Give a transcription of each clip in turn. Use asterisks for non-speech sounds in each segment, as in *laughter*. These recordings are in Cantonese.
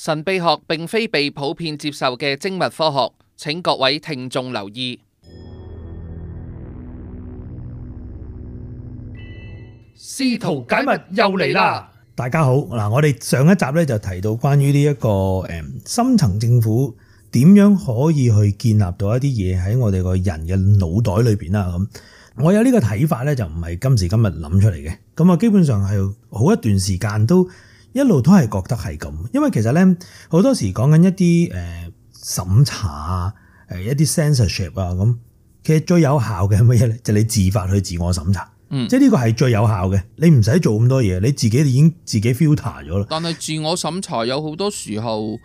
神秘學並非被普遍接受嘅精密科學，請各位聽眾留意。試圖解密又嚟啦！大家好，嗱，我哋上一集咧就提到關於呢一個誒深層政府點樣可以去建立到一啲嘢喺我哋個人嘅腦袋裏邊啦。咁，我有呢個睇法咧，就唔係今時今日諗出嚟嘅，咁啊，基本上係好一段時間都。一路都係覺得係咁，因為其實咧好多時講緊一啲誒審查啊，誒一啲 censorship 啊咁，其實最有效嘅係乜嘢咧？就係你自發去自我審查，嗯，即係呢個係最有效嘅，你唔使做咁多嘢，你自己已經自己 filter 咗啦。但係自我審查有好多時候，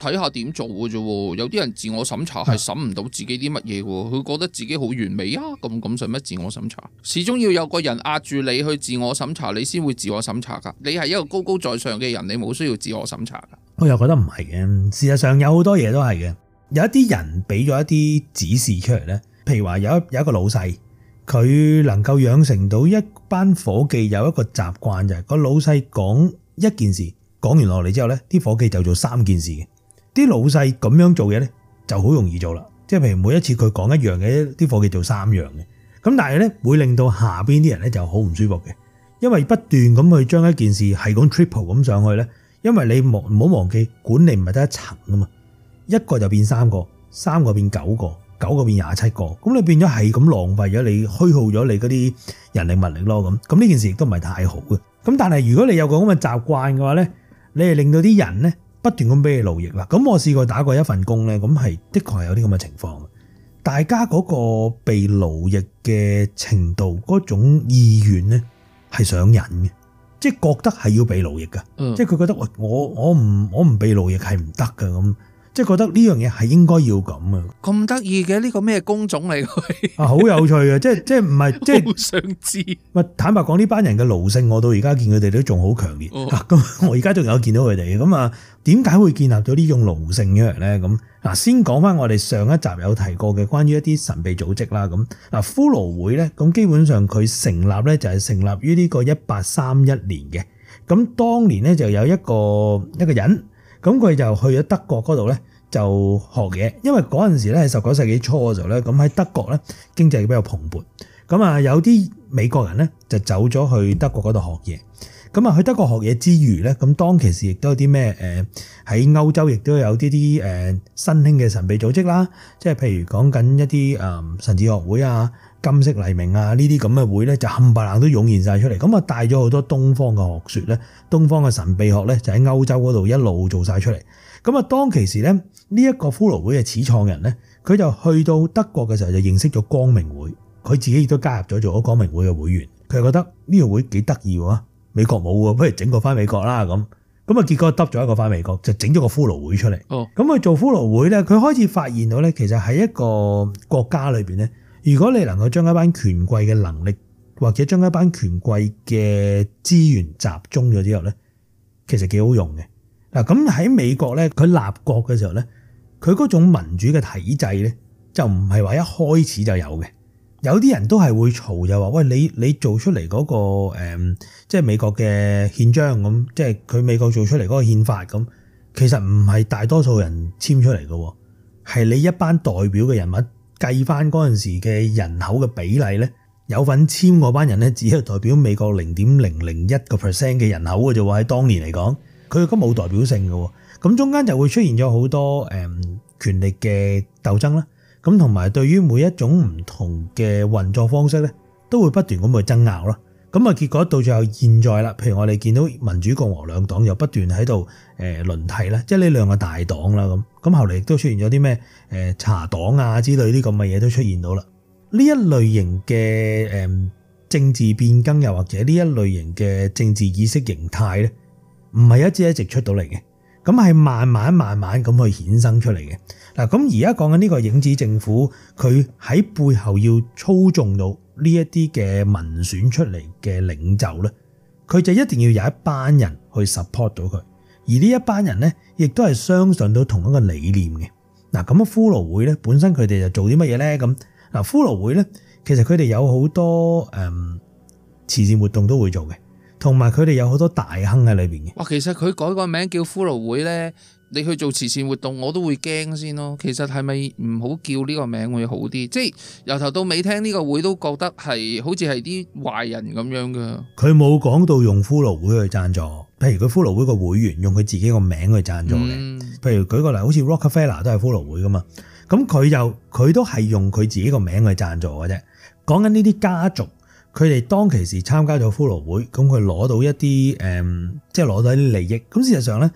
睇下點做嘅啫喎，有啲人自我審查係審唔到自己啲乜嘢嘅，佢的覺得自己好完美啊，咁咁使乜自我審查？始終要有個人壓住你去自我審查，你先會自我審查噶。你係一個高高在上嘅人，你冇需要自我審查噶。我又覺得唔係嘅，事實上有好多嘢都係嘅。有一啲人俾咗一啲指示出嚟呢，譬如話有有一個老細，佢能夠養成到一班伙計有一個習慣就係個老細講一件事，講完落嚟之後呢，啲伙計就做三件事。啲老細咁樣做嘢呢，就好容易做啦，即係譬如每一次佢講一樣嘅，啲夥計做三樣嘅，咁但係呢會令到下邊啲人呢就好唔舒服嘅，因為不斷咁去將一件事係咁 triple 咁上去呢。因為你唔好忘記管理唔係得一層噶嘛，一個就變三個，三個變九個，九個變廿七個，咁你變咗係咁浪費咗你虛耗咗你嗰啲人力物力咯，咁咁呢件事亦都唔係太好嘅，咁但係如果你有個咁嘅習慣嘅話呢，你係令到啲人呢。不斷咁俾你勞役啦，咁我試過打過一份工咧，咁係的確係有啲咁嘅情況。大家嗰個被勞役嘅程度，嗰種意願咧係上癮嘅，即係覺得係要被勞役噶，嗯、即係佢覺得我我我唔我唔被勞役係唔得噶咁。即係覺得呢樣嘢係應該要咁啊！咁得意嘅呢個咩工種嚟？啊，好有趣啊！即係即係唔係即係想知？坦白講，呢班人嘅奴性，我到而家見佢哋都仲好強烈。咁、哦啊、我而家仲有見到佢哋。咁啊，點解會建立咗呢種奴性嘅樣咧？咁嗱，先講翻我哋上一集有提過嘅關於一啲神秘組織啦。咁、啊、嗱，骷髏會咧，咁基本上佢成立咧就係成立於呢個一八三一年嘅。咁當年咧就有一個一個人。咁佢就去咗德國嗰度咧，就學嘢。因為嗰陣時咧係十九世紀初嘅時候咧，咁喺德國咧經濟比較蓬勃。咁啊，有啲美國人咧就走咗去德國嗰度學嘢。咁啊，去德國學嘢之餘咧，咁當其時亦都有啲咩誒喺歐洲，亦都有啲啲誒新興嘅神秘組織啦。即係譬如講緊一啲誒、嗯、神智學會啊。金色黎明啊！呢啲咁嘅會咧，就冚唪唥都湧現晒出嚟，咁啊帶咗好多東方嘅學說咧，東方嘅神秘學咧，就喺歐洲嗰度一路做晒出嚟。咁啊，當其時咧，呢一個骷髏會嘅始創人咧，佢就去到德國嘅時候，就認識咗光明會，佢自己亦都加入咗做咗光明會嘅會員。佢覺得呢個會幾得意啊，美國冇喎，不如整個翻美國啦咁。咁啊，結果得咗一個翻美國，就整咗個骷髏會出嚟。哦，咁佢做骷髏會咧，佢開始發現到咧，其實喺一個國家裏邊咧。如果你能夠將一班權貴嘅能力，或者將一班權貴嘅資源集中咗之後咧，其實幾好用嘅。嗱，咁喺美國咧，佢立國嘅時候咧，佢嗰種民主嘅體制咧，就唔係話一開始就有嘅。有啲人都係會嘈就話：喂，你你做出嚟嗰個，誒，即係美國嘅憲章咁，即係佢美國做出嚟嗰個憲法咁，其實唔係大多數人簽出嚟嘅，係你一班代表嘅人物。計翻嗰陣時嘅人口嘅比例咧，有份簽嗰班人咧，只係代表美國零點零零一個 percent 嘅人口嘅就話喺當年嚟講，佢都冇代表性嘅，咁中間就會出現咗好多誒、嗯、權力嘅鬥爭啦，咁同埋對於每一種唔同嘅運作方式咧，都會不斷咁去爭拗啦，咁啊結果到最後現在啦，譬如我哋見到民主共和兩黨又不斷喺度。誒輪替啦，即係呢兩個大黨啦，咁咁後嚟亦都出現咗啲咩誒茶黨啊之類呢咁嘅嘢都出現到啦。呢一類型嘅誒、嗯、政治變更，又或者呢一類型嘅政治意識形態咧，唔係一直一直出到嚟嘅，咁係慢慢慢慢咁去衍生出嚟嘅。嗱，咁而家講緊呢個影子政府，佢喺背後要操縱到呢一啲嘅民選出嚟嘅領袖咧，佢就一定要有一班人去 support 到佢。而呢一班人咧，亦都係相信到同一個理念嘅。嗱，咁啊，骷髏會咧，本身佢哋就做啲乜嘢咧？咁嗱，骷髏會咧，其實佢哋有好多誒、嗯、慈善活動都會做嘅，同埋佢哋有好多大亨喺裏面嘅。哇，其實佢改個名叫骷髏會咧。你去做慈善活動，我都會驚先咯。其實係咪唔好叫呢個名會好啲？即係由頭到尾聽呢個會都覺得係好似係啲壞人咁樣嘅。佢冇講到用骷髏會去贊助，譬如佢骷髏會個會員用佢自己個名去贊助嘅。嗯、譬如舉個例，好似 Rockefeller、er、都係骷髏會噶嘛。咁佢就佢都係用佢自己個名去贊助嘅啫。講緊呢啲家族，佢哋當其時參加咗骷髏會，咁佢攞到一啲誒、嗯，即係攞到啲利益。咁事實上咧。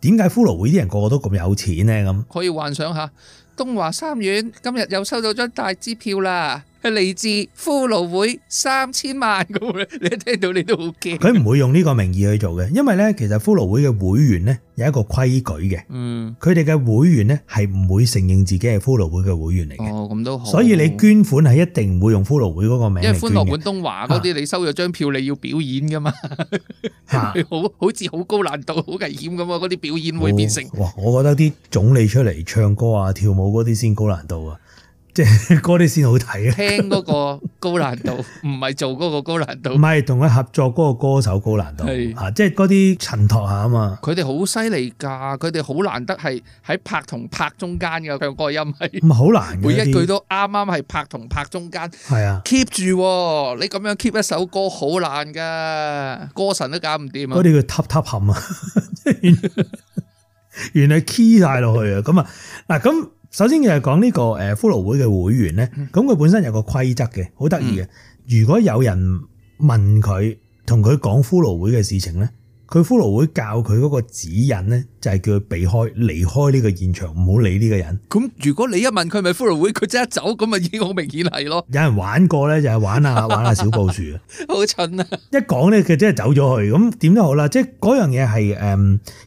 點解骷髏會啲人個個都咁有錢呢？咁可以幻想下東華三院今日又收到張大支票啦。係嚟自骷髏會三千萬嘅，你一聽到你都好驚。佢唔會用呢個名義去做嘅，因為咧，其實骷髏會嘅會員咧有一個規矩嘅。嗯，佢哋嘅會員咧係唔會承認自己係骷髏會嘅會員嚟嘅。哦，咁都好。所以你捐款係一定唔會用骷髏會嗰個名，因為歡樂滿東華嗰啲，啊、你收咗張票，你要表演噶嘛，啊、 *laughs* 好好似好高難度、好危險咁嘛。嗰啲表演會變成、哦、哇，我覺得啲總理出嚟唱歌啊、跳舞嗰啲先高難度啊。即係啲先好睇啊！聽嗰個高難度，唔係做嗰個高難度， *laughs* 唔係同佢合作嗰個歌手高難度，是的 啊！即係嗰啲襯托下啊嘛！佢哋好犀利噶，佢哋好難得係喺拍同拍中間嘅佢個音係，唔係好難，每一句都啱啱係拍同拍中間，係啊，keep 是的 住啊你咁樣 keep 一首歌好難噶，歌神都搞唔掂啊！嗰啲叫塔塔陷啊，原來 key 晒落去啊！咁啊嗱咁。首先，就係講呢個誒骷髏會嘅會員咧，咁佢本身有個規則嘅，好得意嘅。如果有人問佢，同佢講骷髏會嘅事情呢，佢骷髏會教佢嗰個指引咧，就係叫佢避開、離開呢個現場，唔好理呢個人。咁如果你一問佢，係咪骷髏會，佢即刻走，咁咪已經好明顯係咯。有人玩過咧，就係、是、玩下、 *laughs* 玩下小布殊 *laughs* 啊，好蠢啊！一講咧，佢真係走咗去。咁點都好啦，即係嗰樣嘢係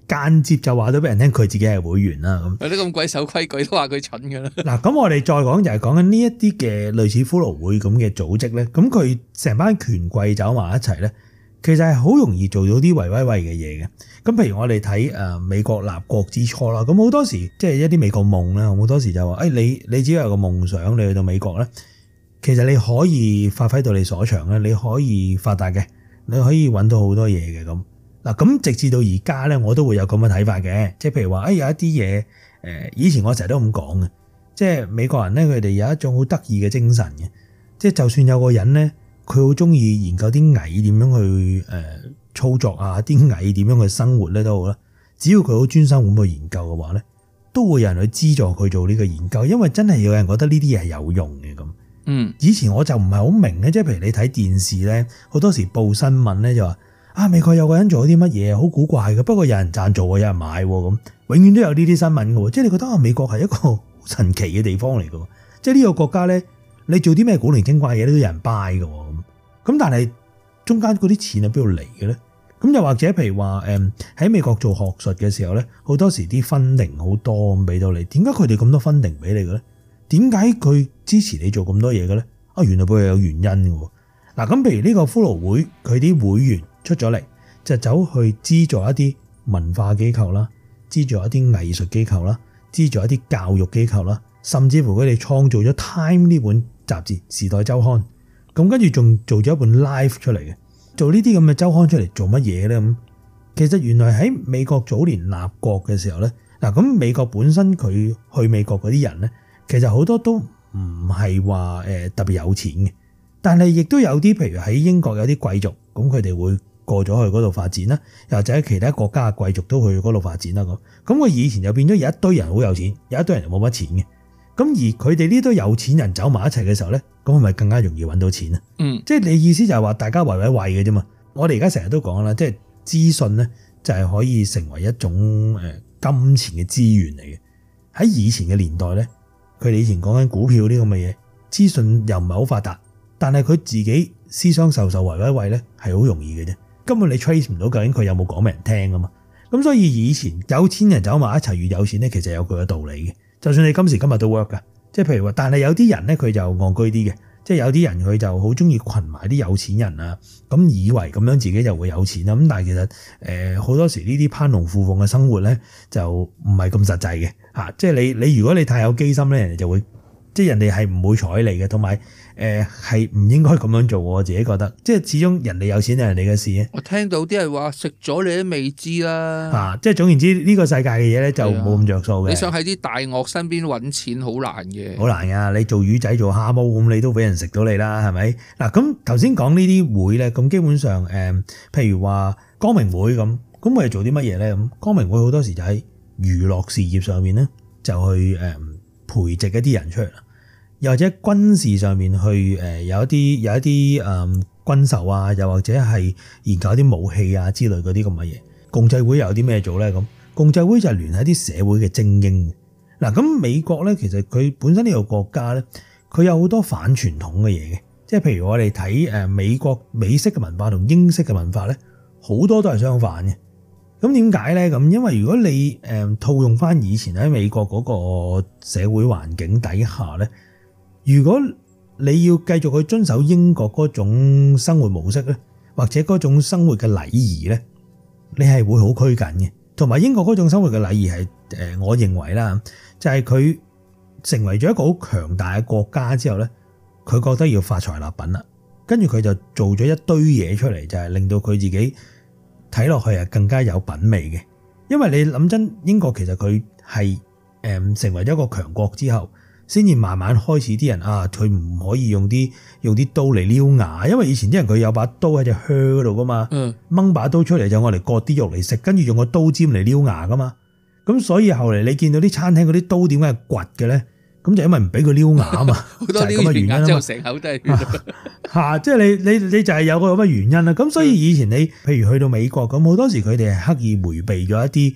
誒間接就話到俾人聽，佢自己係會員啦。咁啲咁鬼守規矩都話佢蠢噶啦。嗱， *laughs* 咁我哋再講就係講緊呢一啲嘅類似骷髏會咁嘅組織咧。咁佢成班權貴走埋一齊咧。其實係好容易做到啲唯唯唯嘅嘢嘅，咁譬如我哋睇美國立國之初啦，咁好多時即係一啲美國夢啦，好多時就話誒你你只要有個夢想，你去到美國咧，其實你可以發揮到你所長咧，你可以發達嘅，你可以搵到好多嘢嘅咁。嗱，咁直至到而家咧，我都會有咁嘅睇法嘅，即係譬如話誒有一啲嘢誒以前我成日都咁講嘅，即係美國人咧佢哋有一種好得意嘅精神嘅，即係就算有個人咧。佢好中意研究啲蟻點樣去誒操作啊，啲蟻點樣去生活咧都好啦。只要佢好專心咁去研究嘅話咧，都會有人去資助佢做呢個研究，因為真係有人覺得呢啲嘢係有用嘅咁。嗯，以前我就唔係好明咧，即係譬如你睇電視咧，好多時報新聞咧就話啊，美國有個人做咗啲乜嘢好古怪嘅，不過有人贊助，有人買喎，咁永遠都有呢啲新聞嘅。即係你覺得啊，美國係一個好神奇嘅地方嚟嘅，即係呢個國家咧，你做啲咩古靈精怪嘢都有人 buy 嘅。咁但係中間嗰啲錢係邊度嚟嘅咧？咁又或者譬如話喺美國做學術嘅時候咧，好多時啲分零好多俾到你。點解佢哋咁多分零俾你嘅咧？點解佢支持你做咁多嘢嘅咧？啊，原來會有原因嘅。嗱，咁譬如呢個骷髏會，佢啲會員出咗嚟就走去資助一啲文化機構啦，資助一啲藝術機構啦，資助一啲教育機構啦，甚至乎佢哋創造咗《Time》呢本雜誌，《時代周刊》。咁跟住仲做咗一本 live 出嚟嘅，做呢啲咁嘅周刊出嚟做乜嘢呢？咁其實原來喺美國早年立國嘅時候呢，嗱咁美國本身佢去美國嗰啲人呢，其實好多都唔係話誒特別有錢嘅，但係亦都有啲譬如喺英國有啲貴族，咁佢哋會過咗去嗰度發展啦，又或者其他國家嘅貴族都去嗰度發展啦。咁咁佢以前就變咗有一堆人好有錢，有一堆人冇乜錢嘅。咁而佢哋呢堆有錢人走埋一齊嘅時候呢，咁係咪更加容易揾到錢啊？嗯，即係你意思就係話大家圍威喂嘅啫嘛。我哋而家成日都講啦，即係資訊呢就係可以成為一種金錢嘅資源嚟嘅。喺以前嘅年代呢，佢哋以前講緊股票呢咁嘅嘢，資訊又唔係好發達，但係佢自己私相授受圍威喂呢係好容易嘅啫。根本你 trace 唔到究竟佢有冇講俾人聽㗎嘛。咁所以以前有錢人走埋一齊越有錢呢，其實有佢嘅道理嘅。就算你今時今日都 work 嘅，即係譬如話，但係有啲人咧佢就戇居啲嘅，即係有啲人佢就好中意群埋啲有錢人啊，咁以為咁樣自己就會有錢啦，咁但係其實誒好、呃、多時呢啲攀龍附鳳嘅生活咧就唔係咁實際嘅、啊、即係你你如果你太有機心咧，人哋就會即係人哋係唔會睬你嘅，同埋。誒係唔應該咁樣做，我自己覺得，即係始終人哋有錢係人哋嘅事啊！我聽到啲人話食咗你都未知啦，啊！即係總言之，呢個世界嘅嘢咧就冇咁着數嘅。你想喺啲大鱷身邊揾錢好難嘅，好難噶！你做魚仔做蝦毛咁，你都俾人食到你啦，係咪？嗱咁頭先講呢啲會咧，咁基本上誒、嗯，譬如話光明會咁，咁佢係做啲乜嘢咧？咁、嗯、光明會好多時就喺娛樂事業上面咧，就去誒、嗯、培植一啲人出嚟。又或者軍事上面去誒有一啲有一啲誒、嗯、軍售啊，又或者係研究啲武器啊之類嗰啲咁嘅嘢。共濟會又有啲咩做咧？咁共濟會就係聯繫啲社會嘅精英。嗱咁美國咧，其實佢本身呢個國家咧，佢有好多反傳統嘅嘢嘅，即係譬如我哋睇誒美國美式嘅文化同英式嘅文化咧，好多都係相反嘅。咁點解咧？咁因為如果你誒、嗯、套用翻以前喺美國嗰個社會環境底下咧。如果你要繼續去遵守英國嗰種生活模式咧，或者嗰種生活嘅禮儀咧，你係會好拘謹嘅。同埋英國嗰種生活嘅禮儀係誒，我認為啦，就係佢成為咗一個好強大嘅國家之後咧，佢覺得要發財立品啦，跟住佢就做咗一堆嘢出嚟，就係令到佢自己睇落去係更加有品味嘅。因為你諗真，英國其實佢係誒成為咗一個強國之後。先至慢慢開始啲人啊，佢唔可以用啲用啲刀嚟撩牙，因為以前啲人佢有把刀喺隻靴嗰度噶嘛，掹、嗯、把刀出嚟就愛嚟割啲肉嚟食，跟住用個刀尖嚟撩牙噶嘛，咁所以後嚟你見到啲餐廳嗰啲刀點解係掘嘅咧？咁就因為唔俾佢撩牙啊嘛，好多咁嘅原因 *laughs* *laughs* 就成口都係，吓，即係你你你就係有個咁嘅原因啦。咁所以以前你，譬如去到美國咁，好多時佢哋係刻意回避咗一啲誒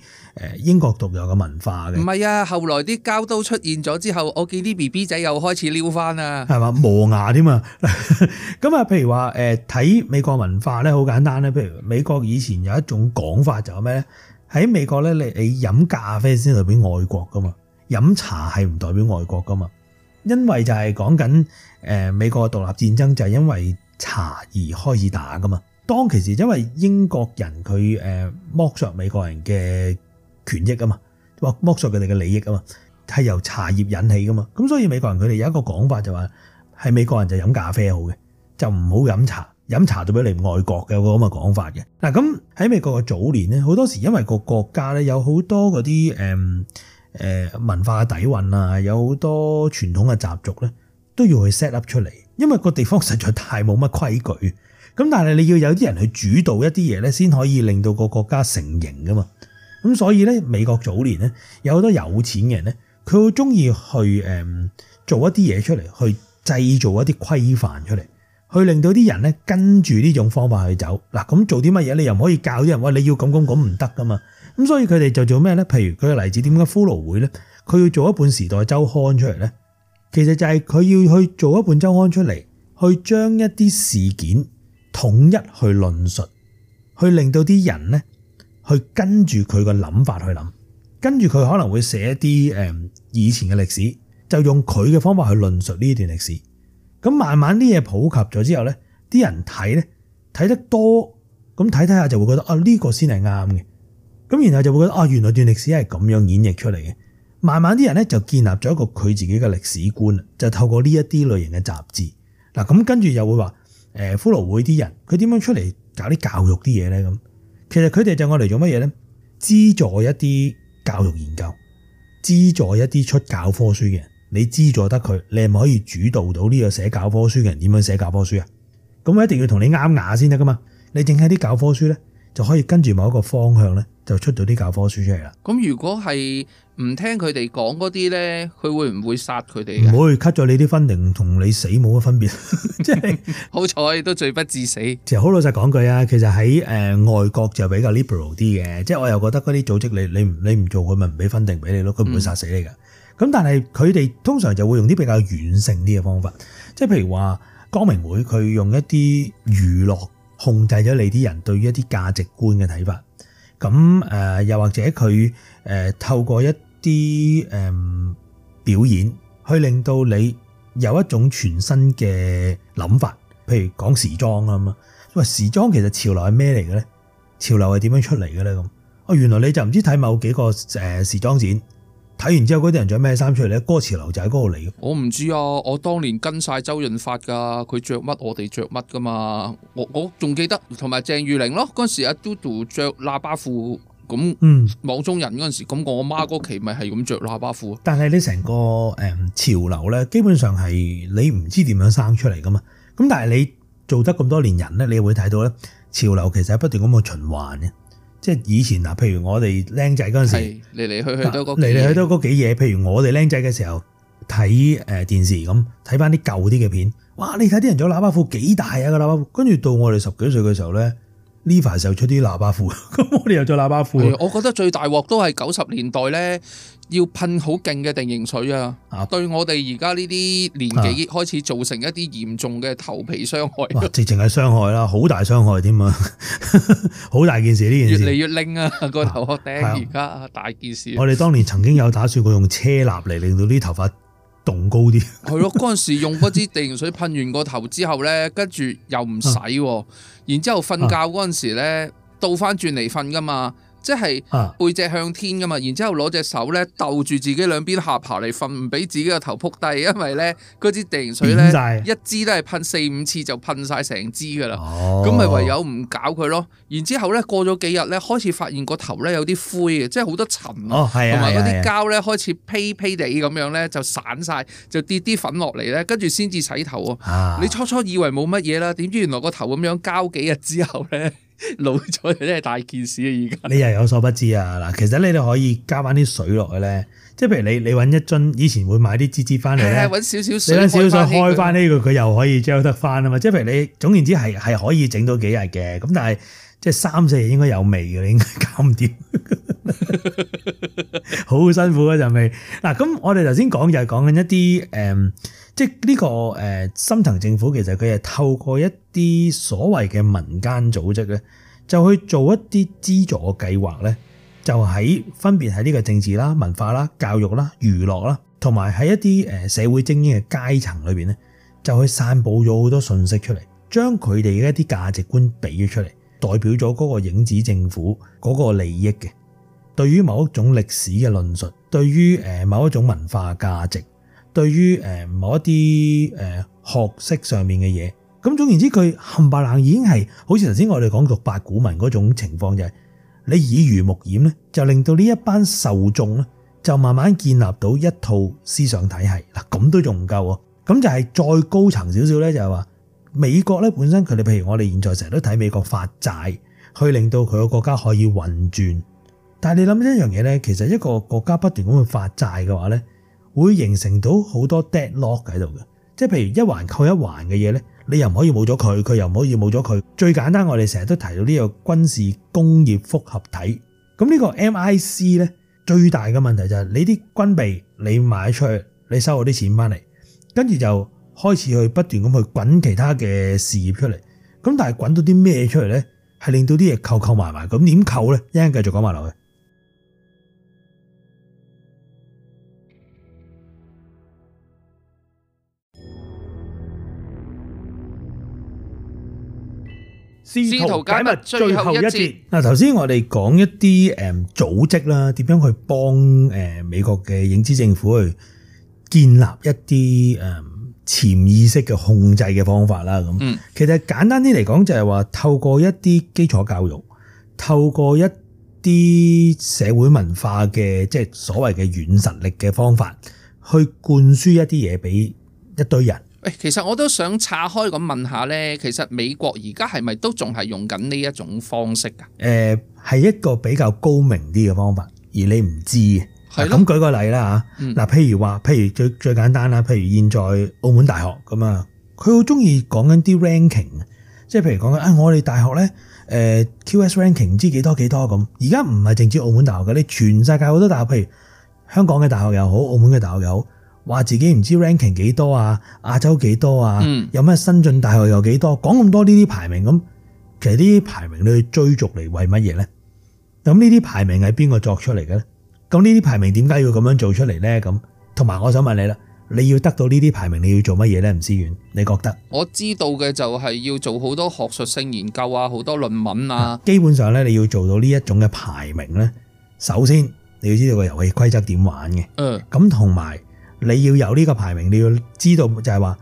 英國獨有嘅文化嘅。唔係啊，後來啲膠都出現咗之後，我見啲 B B 仔又開始撩翻啦，係嘛，磨牙添啊。咁啊，譬如話誒睇美國文化咧，好簡單咧，譬如美國以前有一種講法就係咩咧？喺美國咧，你你飲咖啡先係畀外國噶嘛。飲茶係唔代表外國噶嘛？因為就係講緊誒美國獨立戰爭就係因為茶而開始打噶嘛。當其時因為英國人佢誒剝削美國人嘅權益啊嘛，話剝削佢哋嘅利益啊嘛，係由茶葉引起噶嘛。咁所以美國人佢哋有一個講法就話，喺美國人就飲咖啡好嘅，就唔好飲茶。飲茶代表你外國嘅咁嘅講法嘅。嗱，咁喺美國嘅早年咧，好多時因為個國家咧，有好多嗰啲誒文化嘅底蘊啊，有好多傳統嘅習俗咧，都要去 set up 出嚟，因為個地方實在太冇乜規矩。咁但係你要有啲人去主導一啲嘢咧，先可以令到個國家成形噶嘛。咁所以咧，美國早年咧有好多有錢嘅人咧，佢好中意去誒、嗯、做一啲嘢出嚟，去製造一啲規範出嚟，去令到啲人咧跟住呢種方法去走。嗱，咁做啲乜嘢你又唔可以教啲人話、哎、你要咁咁咁唔得噶嘛？咁所以佢哋就做咩呢？譬如佢嘅例子，點解《骷髏會》呢？佢要做一本《時代周刊》出嚟呢，其實就係佢要去做一本週刊出嚟，去將一啲事件統一去論述，去令到啲人呢去跟住佢個諗法去諗，跟住佢可能會寫一啲誒以前嘅歷史，就用佢嘅方法去論述呢一段歷史。咁慢慢啲嘢普及咗之後呢，啲人睇呢，睇得多，咁睇睇下就會覺得啊呢個先係啱嘅。咁然後就會覺得啊，原來段歷史係咁樣演繹出嚟嘅。慢慢啲人咧就建立咗一個佢自己嘅歷史觀，就透過呢一啲類型嘅雜誌。嗱，咁跟住又會話，誒骷髏會啲人佢點樣出嚟搞啲教育啲嘢咧？咁其實佢哋就愛嚟做乜嘢咧？資助一啲教育研究，資助一啲出教科書嘅人。你資助得佢，你係咪可以主導到呢個寫教科書嘅人點樣寫教科書啊？咁我一定要同你啱牙先得噶嘛。你淨係啲教科書咧？就可以跟住某一個方向咧，就出咗啲教科書出嚟啦。咁如果係唔聽佢哋講嗰啲咧，佢會唔會殺佢哋？唔會 cut 咗你啲分定，同你死冇乜分別。即係好彩都罪不至死。其實好老實講句啊，其實喺、呃、外國就比較 liberal 啲嘅，即係我又覺得嗰啲組織你你唔你唔做佢咪唔俾分定俾你咯，佢唔會殺死你噶。咁、嗯、但係佢哋通常就會用啲比較軟性啲嘅方法，即係譬如話光明會佢用一啲娛樂。控制咗你啲人對於一啲價值觀嘅睇法，咁誒又或者佢誒透過一啲誒表演，去令到你有一種全新嘅諗法，譬如講時裝啊嘛，喂時裝其實潮流係咩嚟嘅咧？潮流係點樣出嚟嘅咧？咁啊原來你就唔知睇某幾個誒時裝展。睇完之後，嗰啲人着咩衫出嚟咧？個潮流就喺嗰度嚟嘅。我唔知啊，我當年跟晒周潤發㗎，佢著乜我哋著乜噶嘛。我我仲記得同埋鄭裕玲咯，嗰陣時阿 Dodo 著喇叭褲咁，網中人嗰陣時咁，我媽嗰期咪係咁著喇叭褲。嗯、但係你成個潮流咧，基本上係你唔知點樣生出嚟噶嘛。咁但係你做得咁多年人咧，你會睇到咧，潮流其實係不斷咁嘅循環嘅。即係以前嗱，譬如我哋僆仔嗰陣時，嚟嚟去去都嗰嚟嚟去都幾嘢。譬如我哋僆仔嘅時候睇誒電視咁，睇翻啲舊啲嘅片，哇！你睇啲人做喇叭褲幾大啊個喇叭褲，跟住到我哋十幾歲嘅時候咧。呢排時候出啲喇叭褲，咁我哋又着喇叭褲。我覺得最大鑊都係九十年代咧，要噴好勁嘅定型水啊！啊，對我哋而家呢啲年紀開始造成一啲嚴重嘅頭皮傷害。直情係傷害啦，好大傷害添啊！好大件事呢件事，越嚟越拎啊個頭殼頂。而家大件事。件事我哋當年曾經有打算過用車蠟嚟令到啲頭髮棟高啲。係咯，嗰陣時用嗰支定型水噴完個頭之後咧，跟住又唔使。啊然之後瞓覺嗰陣時呢，啊、倒翻轉嚟瞓噶嘛。即係背脊向天噶嘛，然之後攞隻手咧逗住自己兩邊下巴嚟瞓，唔俾自己個頭撲低，因為咧嗰支定水咧了一支都係噴四五次就噴晒成支噶啦。咁咪、哦、唯有唔搞佢咯。然之後咧過咗幾日咧，開始發現個頭咧有啲灰，即係好多塵。哦，係啊，同埋嗰啲膠咧開始披披地咁樣咧就散晒，就跌啲粉落嚟咧，跟住先至洗頭啊！你初初以為冇乜嘢啦，點知原來個頭咁樣膠幾日之後咧？老咗真係大件事啊！而家你又有所不知啊嗱，其實你都可以加翻啲水落去咧，即係譬如你你揾一樽，以前會買啲芝芝翻嚟咧，揾少少水少水，你揾少少水開翻呢個佢又可以 j 得翻啊嘛！即係譬如你總言之係係可以整到幾日嘅，咁但係即係三四日應該有味嘅，你應該搞唔掂，好 *laughs* *laughs* 辛苦啊！就咪嗱，咁我哋頭先講就係講緊一啲誒。即呢個誒，深層政府其實佢係透過一啲所謂嘅民間組織咧，就去做一啲資助嘅計劃咧，就喺分別喺呢個政治啦、文化啦、教育啦、娛樂啦，同埋喺一啲誒社會精英嘅階層裏邊咧，就去散佈咗好多信息出嚟，將佢哋嘅一啲價值觀俾咗出嚟，代表咗嗰個影子政府嗰個利益嘅，對於某一種歷史嘅論述，對於誒某一種文化價值。對於誒、呃、某一啲誒、呃、學識上面嘅嘢，咁總言之，佢冚白冷已經係好似頭先我哋講個八股文嗰種情況，就是，就係你耳濡目染咧，就令到一呢一班受眾咧，就慢慢建立到一套思想體系。嗱，咁都仲唔夠啊？咁就係再高層少少咧，就係話美國咧本身佢哋，譬如我哋現在成日都睇美國發債，去令到佢個國家可以運轉。但係你諗一樣嘢咧，其實一個國家不斷咁去發債嘅話咧。會形成到好多 deadlock 喺度嘅，即係譬如一環扣一環嘅嘢咧，你又唔可以冇咗佢，佢又唔可以冇咗佢。最簡單，我哋成日都提到呢個軍事工業複合體，咁、這個、呢個 MIC 咧最大嘅問題就係、是、你啲軍備你買出去，你收咗啲錢翻嚟，跟住就開始去不斷咁去滾其他嘅事業出嚟，咁但係滾到啲咩出嚟咧？係令到啲嘢扣扣埋埋，咁點扣咧？一陣繼續講埋落去。試圖解密最後一節嗱，頭先我哋講一啲誒組織啦，點樣去幫誒美國嘅影子政府去建立一啲誒潛意識嘅控制嘅方法啦咁。其實簡單啲嚟講，就係話透過一啲基礎教育，透過一啲社會文化嘅即係所謂嘅軟實力嘅方法，去灌輸一啲嘢畀一堆人。其實我都想岔開咁問下咧，其實美國而家係咪都仲係用緊呢一種方式噶？誒、呃，係一個比較高明啲嘅方法，而你唔知嘅。係咯。咁、啊、舉個例啦吓，嗱、啊，譬如話，譬如最最簡單啦，譬如現在澳門大學咁啊，佢好中意講緊啲 ranking，即係譬如講緊啊，我哋大學咧，誒，QS ranking 唔知幾多幾多咁。而家唔係淨止澳門大學嘅，你全世界好多大學，譬如香港嘅大學又好，澳門嘅大學又好。話自己唔知 ranking 幾多啊，亞洲幾多啊，嗯、有咩新進大學又幾多？講咁多呢啲排名咁，其實呢啲排名你去追逐嚟為乜嘢呢？咁呢啲排名係邊個作出嚟嘅呢？咁呢啲排名點解要咁樣做出嚟呢？咁同埋我想問你啦，你要得到呢啲排名你要做乜嘢呢？吳思遠，你覺得？我知道嘅就係要做好多學術性研究啊，好多論文啊。基本上咧，你要做到呢一種嘅排名呢。首先你要知道個遊戲規則點玩嘅。嗯。咁同埋。你要有呢個排名，你要知道就係話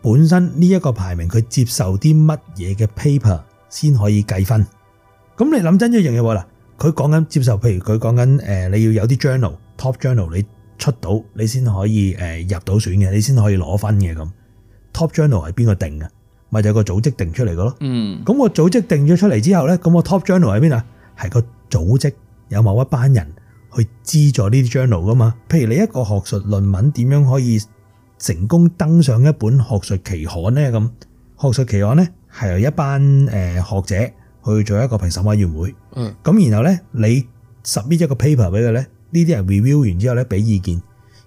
本身呢一個排名佢接受啲乜嘢嘅 paper 先可以計分。咁你諗真一樣嘢喎嗱，佢講緊接受，譬如佢講緊誒你要有啲 journal top journal 你出到你先可以入到選嘅，你先可以攞分嘅咁。top journal 係邊個定？咪就係個組織定出嚟嘅咯。嗯，咁個組織定咗出嚟之後咧，咁個 top journal 喺邊啊？係個組織有某一班人。去資助呢啲 journal 㗎嘛？譬如你一個學術論文點樣可以成功登上一本學術期刊呢？咁學術期刊咧係由一班誒、呃、學者去做一個評審委員會。嗯，咁然後咧你 submit 一個 paper 俾佢咧，呢啲人 review 完之後咧俾意見，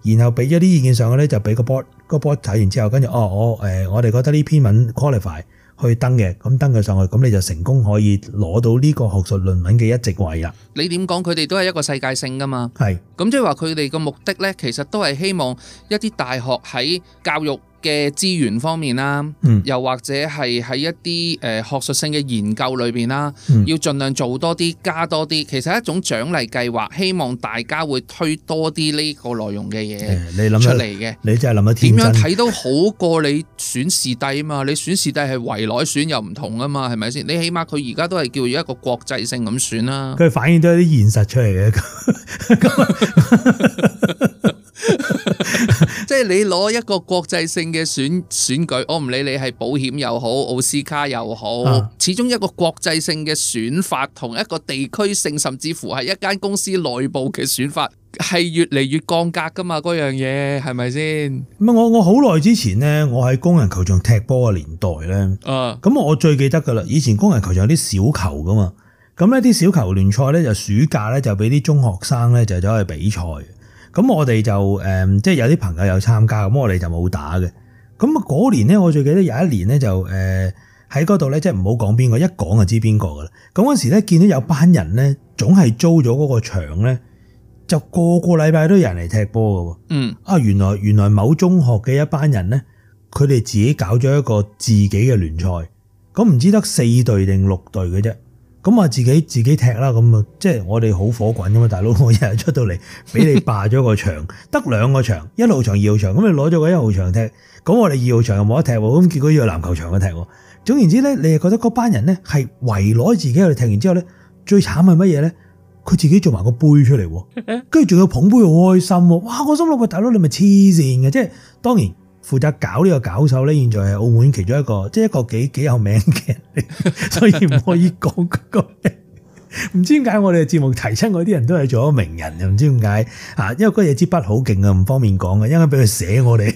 然後俾咗啲意見上去咧就俾個 board 個 board 睇完之後，跟住哦我、呃、我哋覺得呢篇文 qualify。去登嘅，咁登佢上去，咁你就成功可以攞到呢個學術論文嘅一席位啦。你點講？佢哋都係一個世界性噶嘛。係，咁即係話佢哋個目的咧，其實都係希望一啲大學喺教育嘅資源方面啦，又或者係喺一啲誒學術性嘅研究裏邊啦，嗯、要盡量做多啲加多啲。其實一種獎勵計劃，希望大家會推多啲呢個內容嘅嘢出嚟嘅。你就係諗一點樣睇都好過你選視帝啊嘛！你選視帝係圍內選又唔同啊嘛，係咪先？你起碼佢而家都係叫一個國際性咁選啦。佢反映到一啲現實出嚟嘅。 *laughs* *laughs* *laughs* 即係你攞一個國際性嘅選選舉，我唔理你係保險又好，奧斯卡又好，啊、始終一個國際性嘅選法，同一個地區性，甚至乎係一間公司內部嘅選法，係越嚟越降格噶嘛。嗰樣嘢係咪先？唔我我好耐之前呢，我喺工人球場踢波嘅年代呢，啊，咁我最記得噶啦，以前工人球場有啲小球噶嘛，咁呢啲小球聯賽呢，就暑假呢，就俾啲中學生呢，就走去比賽。咁我哋就誒，即係有啲朋友有參加，咁我哋就冇打嘅。咁嗰年咧，我最記得有一年咧，就誒喺嗰度咧，即係唔好講邊個，一講就知邊個噶啦。咁嗰時咧，見到有班人咧，總係租咗嗰個場咧，就個個禮拜都有人嚟踢波噶喎。嗯，啊原來原來某中學嘅一班人咧，佢哋自己搞咗一個自己嘅聯賽，咁唔知得四隊定六隊嘅啫。咁啊，自己自己踢啦，咁啊，即係我哋好火滾噶嘛，大佬我日日出到嚟俾你霸咗個場，得兩個場，一號場二號場，咁你攞咗個一號場踢，咁我哋二號場又冇得踢喎，咁結果要籃球場去踢喎，總言之咧，你係覺得嗰班人咧係圍攞自己去踢完之後咧，最慘係乜嘢咧？佢自己做埋個杯出嚟，跟住仲要捧杯好開心喎，哇！我心諗個大佬你咪黐線嘅，即係當然。負責搞呢個搞手咧，現在係澳門其中一個，即係一個幾幾有名嘅人嚟，所以唔可以講嗰句。唔 *laughs* 知點解我哋嘅節目提親嗰啲人都係做咗名人，又唔知點解啊？因為嗰嘢支筆好勁啊，唔方便講嘅，因為俾佢寫我哋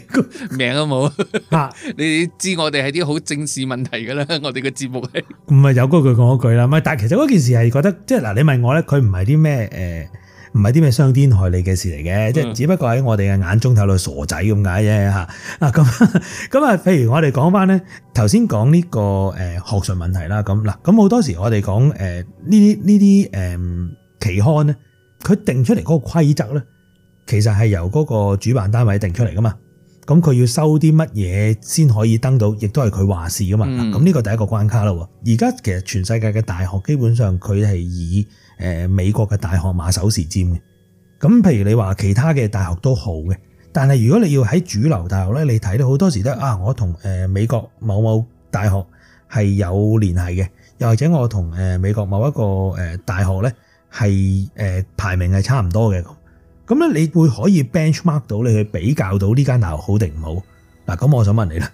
名都冇啊！ *laughs* 你知我哋係啲好正視問題㗎啦，我哋嘅節目係唔係有嗰句講嗰句啦？唔係，但係其實嗰件事係覺得，即係嗱，你問我咧，佢唔係啲咩誒？呃唔係啲咩傷天害理嘅事嚟嘅，即係只不過喺我哋嘅眼中睇到傻仔咁解啫嚇。啊咁咁啊，譬如我哋講翻咧，頭先講呢個誒學術問題啦。咁嗱，咁好多時我哋講誒呢啲呢啲誒期刊咧，佢定出嚟嗰個規則咧，其實係由嗰個主辦單位定出嚟噶嘛。咁佢要收啲乜嘢先可以登到，亦都係佢話事噶嘛。咁呢、嗯、個第一個關卡喎。而家其實全世界嘅大學基本上佢係以誒美國嘅大學馬首是瞻嘅，咁譬如你話其他嘅大學都好嘅，但係如果你要喺主流大學咧，你睇到好多時都啊，我同美國某某大學係有聯繫嘅，又或者我同美國某一個大學咧係排名係差唔多嘅，咁咧你會可以 benchmark 到你去比較到呢間大學好定唔好嗱？咁我想問你啦，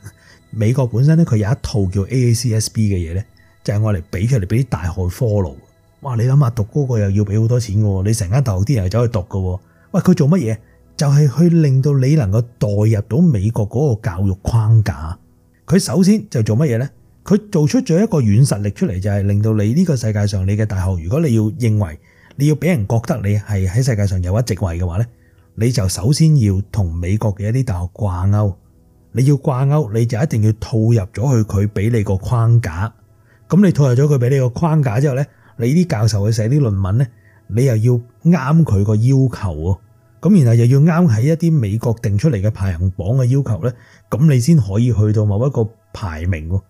美國本身咧佢有一套叫 AACSB 嘅嘢咧，就係我嚟俾出嚟俾啲大學 follow。哇！你諗下，讀嗰個又要俾好多錢喎，你成間大學啲人又走去讀嘅喎，喂，佢做乜嘢？就係去令到你能夠代入到美國嗰個教育框架。佢首先就做乜嘢呢？佢做出咗一個軟實力出嚟，就係令到你呢個世界上，你嘅大學，如果你要認為你要俾人覺得你係喺世界上有一席位嘅話呢，你就首先要同美國嘅一啲大學掛鈎。你要掛鈎，你就一定要套入咗去佢俾你個框架。咁你套入咗佢俾你個框架之後呢。你啲教授去寫啲論文咧，你又要啱佢個要求喎，咁然後又要啱喺一啲美國定出嚟嘅排行榜嘅要求咧，咁你先可以去到某一個排名喎。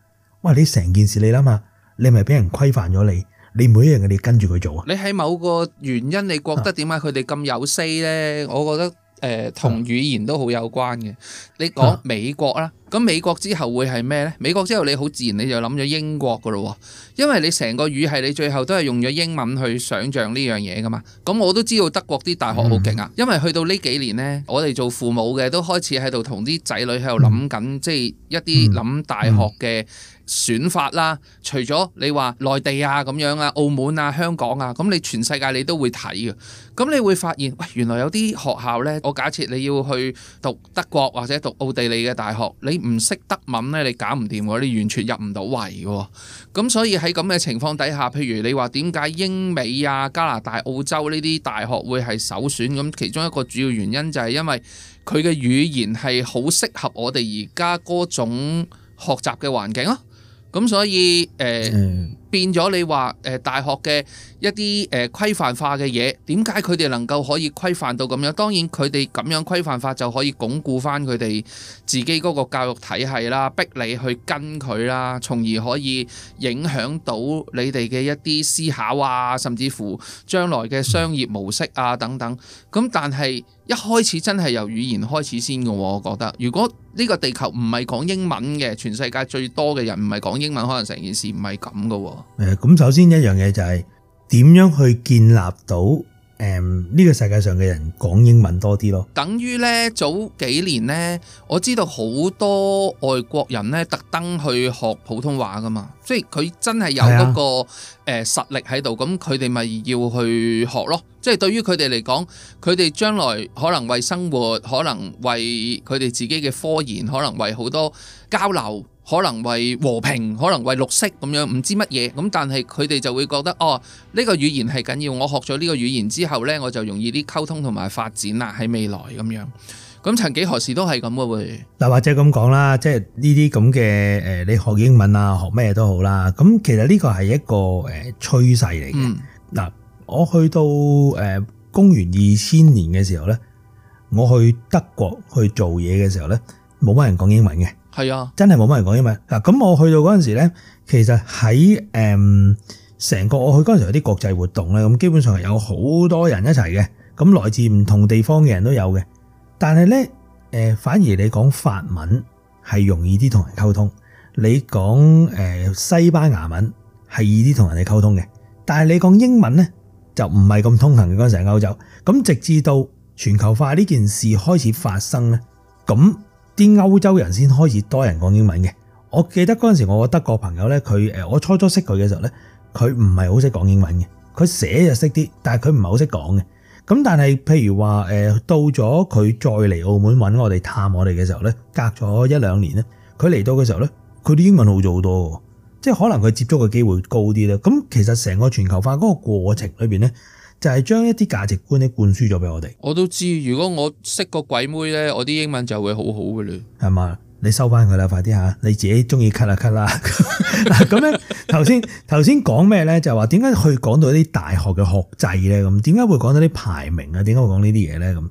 哇！你成件事你諗下，你係咪俾人規範咗你，你每一樣嘢你跟住佢做啊？你喺某個原因，你覺得點解佢哋咁有 say 咧？我覺得。誒同、呃、語言都好有關嘅，你講美國啦，咁、啊、美國之後會係咩呢？美國之後你好自然你就諗咗英國噶咯喎，因為你成個語系你最後都係用咗英文去想像呢樣嘢噶嘛。咁我都知道德國啲大學好勁啊，嗯、因為去到呢幾年呢，我哋做父母嘅都開始喺度同啲仔女喺度諗緊，即係、嗯、一啲諗大學嘅選法啦，除咗你話內地啊、咁樣啊、澳門啊、香港啊，咁你全世界你都會睇嘅。咁你會發現，喂，原來有啲學校呢，我假設你要去讀德國或者讀奧地利嘅大學，你唔識德文呢，你搞唔掂喎，你完全入唔到圍㗎。咁所以喺咁嘅情況底下，譬如你話點解英美啊、加拿大、澳洲呢啲大學會係首選？咁其中一個主要原因就係因為佢嘅語言係好適合我哋而家嗰種學習嘅環境咯。咁所以，誒、呃、變咗你話誒、呃、大學嘅一啲誒、呃、規範化嘅嘢，點解佢哋能夠可以規範到咁樣？當然佢哋咁樣規範化就可以鞏固翻佢哋自己嗰個教育體系啦，逼你去跟佢啦，從而可以影響到你哋嘅一啲思考啊，甚至乎將來嘅商業模式啊等等。咁但係。一開始真係由語言開始先嘅，我覺得。如果呢個地球唔係講英文嘅，全世界最多嘅人唔係講英文，可能成件事唔係咁嘅。喎、嗯。咁首先一樣嘢就係、是、點樣去建立到？誒，呢、嗯這個世界上嘅人講英文多啲咯，等於呢早幾年呢，我知道好多外國人呢特登去學普通話噶嘛，即係佢真係有嗰個誒實力喺度，咁佢哋咪要去學咯。即係對於佢哋嚟講，佢哋將來可能為生活，可能為佢哋自己嘅科研，可能為好多交流。可能為和平，可能為綠色咁樣，唔知乜嘢咁。但係佢哋就會覺得哦，呢個語言係緊要。我學咗呢個語言之後呢，我就容易啲溝通同埋發展啦。喺未來咁樣，咁曾幾何時都係咁嘅會嗱，或者咁講啦，即係呢啲咁嘅誒，你學英文啊，學咩都好啦。咁其實呢個係一個誒趨勢嚟嘅。嗱，嗯、我去到誒公元二千年嘅時候呢，我去德國去做嘢嘅時候呢，冇乜人講英文嘅。係啊，是真係冇乜人講英文嗱。咁我去到嗰陣時咧，其實喺誒成個我去嗰陣時有啲國際活動咧，咁基本上係有好多人一齊嘅，咁來自唔同地方嘅人都有嘅。但係咧，誒反而你講法文係容易啲同人溝通，你講誒西班牙文係易啲同人哋溝通嘅。但係你講英文咧，就唔係咁通行嘅嗰陣時喺歐洲。咁直至到全球化呢件事開始發生咧，咁。啲歐洲人先開始多人講英文嘅。我記得嗰陣時，我個德國朋友咧，佢我初初識佢嘅時候咧，佢唔係好識講英文嘅，佢寫就識啲，但係佢唔係好識講嘅。咁但係譬如話到咗佢再嚟澳門搵我哋探我哋嘅時候咧，隔咗一兩年咧，佢嚟到嘅時候咧，佢啲英文好咗好多，即係可能佢接觸嘅機會高啲啦。咁其實成個全球化嗰個過程裏面咧。就係將一啲價值觀咧灌輸咗俾我哋。我都知，如果我識個鬼妹咧，我啲英文就會好好噶啦。係嘛？你收翻佢啦，快啲吓你自己中意 cut 啦 cut 啦。咁樣頭先頭先講咩咧？就係話點解去講到啲大學嘅學制咧？咁點解會講到啲排名啊？點解會講呢啲嘢咧？咁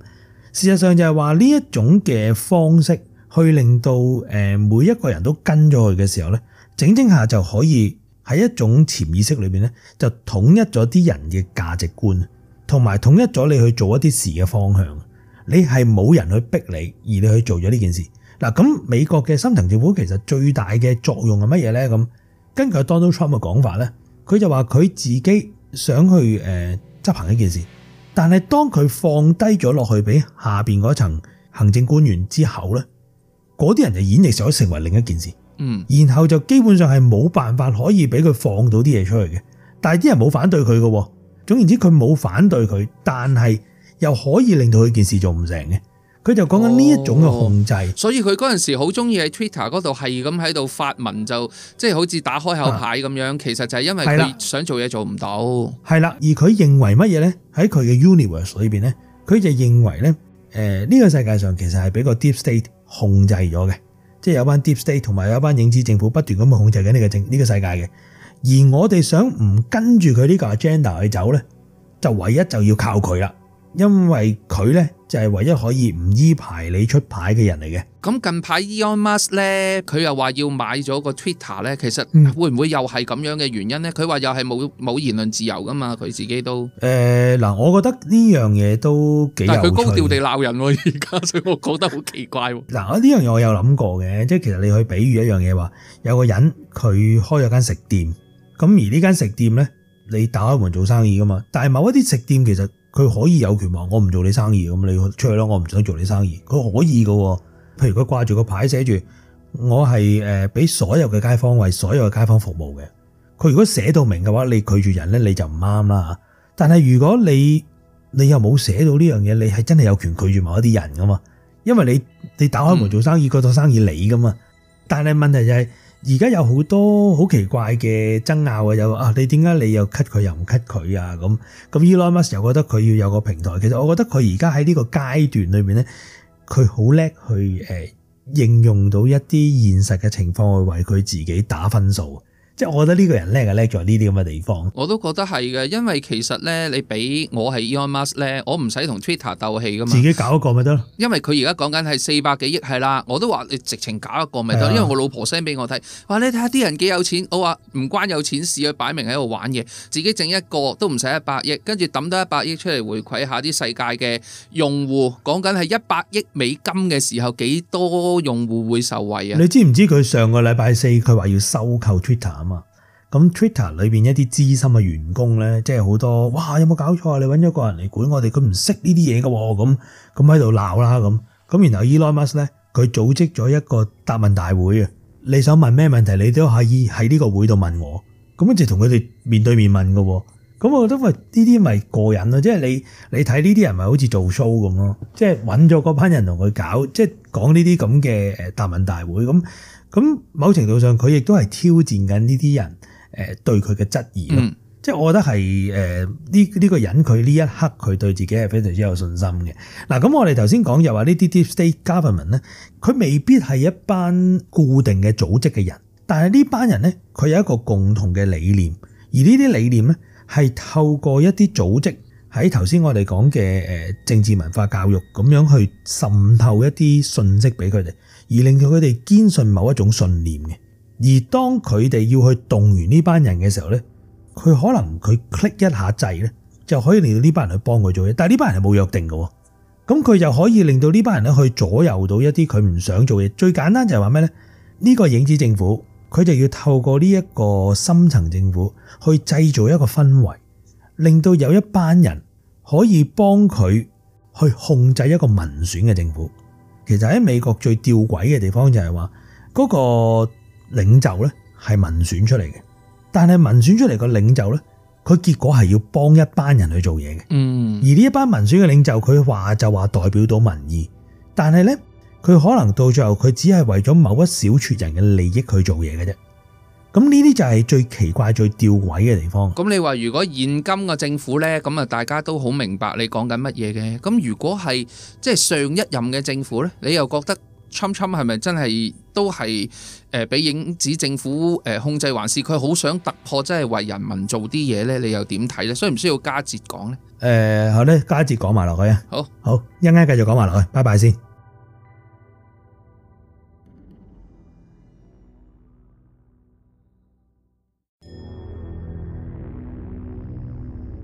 事實上就係話呢一種嘅方式，去令到誒每一個人都跟咗佢嘅時候咧，整整下就可以。喺一種潛意識裏面，咧，就統一咗啲人嘅價值觀，同埋統一咗你去做一啲事嘅方向。你係冇人去逼你，而你去做咗呢件事。嗱，咁美國嘅深層政府其實最大嘅作用係乜嘢咧？咁根據 Donald Trump 嘅講法咧，佢就話佢自己想去誒、呃、執行一件事，但係當佢放低咗落去俾下面嗰層行政官員之後咧，嗰啲人就演繹去成為另一件事。嗯，然後就基本上係冇辦法可以俾佢放到啲嘢出去嘅，但係啲人冇反對佢嘅，總言之佢冇反對佢，但係又可以令到佢件事做唔成嘅，佢就講緊呢一種嘅控制。哦、所以佢嗰陣時好中意喺 Twitter 嗰度係咁喺度發文，就即係、就是、好似打開口牌咁樣。啊、其實就係因為佢想做嘢做唔到。係啦，而佢認為乜嘢呢？喺佢嘅 Universe 裏邊呢，佢就認為誒呢、呃這個世界上其實係俾個 Deep State 控制咗嘅。即係有一班 Deep State 同埋有一班影子政府不斷咁去控制緊呢個呢個世界嘅，而我哋想唔跟住佢呢個 agenda 去走咧，就唯一就要靠佢啦。因為佢咧就係唯一可以唔依排你出牌嘅人嚟嘅。咁近排 Eon Musk 咧，佢又話要買咗個 Twitter 咧，其實會唔會又係咁樣嘅原因咧？佢話又係冇冇言論自由噶嘛？佢自己都誒嗱、呃，我覺得呢樣嘢都幾有趣。但佢高調地鬧人而、啊、家，所 *laughs* 以我覺得好奇怪、啊。嗱，呢樣嘢我有諗過嘅，即係其實你去比喻一樣嘢話，有個人佢開咗間食店，咁而呢間食店咧，你打開門做生意噶嘛？但係某一啲食店其實。佢可以有權話我唔做你生意，咁你出去咯。我唔想做你生意，佢可以噶。譬如佢掛住個牌寫住我係誒，俾所有嘅街坊為所有嘅街坊服務嘅。佢如果寫到明嘅話，你拒絕人咧，你就唔啱啦。但係如果你你又冇寫到呢樣嘢，你係真係有權拒絕某一啲人噶嘛？因為你你打開門做生意，嗰套生意你噶嘛。但係問題就係。而家有好多好奇怪嘅爭拗嘅，又啊，你點解你又 cut 佢又唔 cut 佢啊？咁咁 Elon Musk 又覺得佢要有個平台。其實我覺得佢而家喺呢個階段裏面咧，佢好叻去誒、呃、應用到一啲現實嘅情況去為佢自己打分數。即係我覺得呢個人叻啊，叻在呢啲咁嘅地方。我都覺得係嘅，因為其實呢，你俾我係 Elon Musk 呢，我唔使同 twitter 鬥氣噶嘛。自己搞一個咪得咯。因為佢而家講緊係四百幾億係啦，我都話你直情搞一個咪得，的因為我老婆 send 俾我睇，話你睇下啲人幾有錢。我話唔關有錢事，佢擺明喺度玩嘢，自己整一個都唔使一百億，跟住抌多一百億出嚟回饋下啲世界嘅用戶。講緊係一百億美金嘅時候，幾多用戶會受惠啊？你知唔知佢上個禮拜四佢話要收購 twitter？咁 Twitter 裏面一啲資深嘅員工咧，即係好多哇！有冇搞錯啊？你揾咗個人嚟管我哋，佢唔識呢啲嘢㗎喎，咁咁喺度鬧啦咁。咁然後 Elon Musk 咧，佢組織咗一個答問大會啊！你想問咩問題，你都可以喺呢個會度問我。咁一直同佢哋面對面問㗎喎。咁我覺得，喂，呢啲咪過癮咯，即係你你睇呢啲人咪好似做 show 咁咯，即係揾咗嗰班人同佢搞，即係講呢啲咁嘅誒答問大會。咁咁某程度上佢亦都係挑戰緊呢啲人。誒對佢嘅質疑咯，嗯、即我覺得係誒呢呢個人佢呢一刻佢對自己係非常之有信心嘅。嗱，咁我哋頭先講又話呢啲 Deep state government 咧，佢未必係一班固定嘅組織嘅人，但係呢班人咧，佢有一個共同嘅理念，而呢啲理念咧係透過一啲組織，喺頭先我哋講嘅政治文化教育咁樣去滲透一啲信息俾佢哋，而令到佢哋堅信某一種信念嘅。而當佢哋要去動員呢班人嘅時候呢，佢可能佢 click 一下掣呢就，就可以令到呢班人去幫佢做嘢。但係呢班人係冇約定嘅喎，咁佢就可以令到呢班人咧去左右到一啲佢唔想做嘢。最簡單就係話咩呢？呢個影子政府佢就要透過呢一個深層政府去製造一個氛圍，令到有一班人可以幫佢去控制一個民選嘅政府。其實喺美國最吊詭嘅地方就係話嗰個。領袖呢係民選出嚟嘅，但係民選出嚟個領袖呢，佢結果係要幫一班人去做嘢嘅。嗯，而呢一班民選嘅領袖，佢話、嗯、就話代表到民意，但係呢，佢可能到最後佢只係為咗某一小撮人嘅利益去做嘢嘅啫。咁呢啲就係最奇怪、最吊詭嘅地方。咁你話如果現今嘅政府呢，咁啊大家都好明白你講緊乜嘢嘅。咁如果係即係上一任嘅政府呢，你又覺得侵侵係咪真係都係？誒，俾影子政府誒控制，還是佢好想突破，即係為人民做啲嘢咧？你又點睇咧？需唔需要加節講咧？誒，好咧，加節講埋落去啊！好，好，一陣間繼續講埋落去，拜拜先。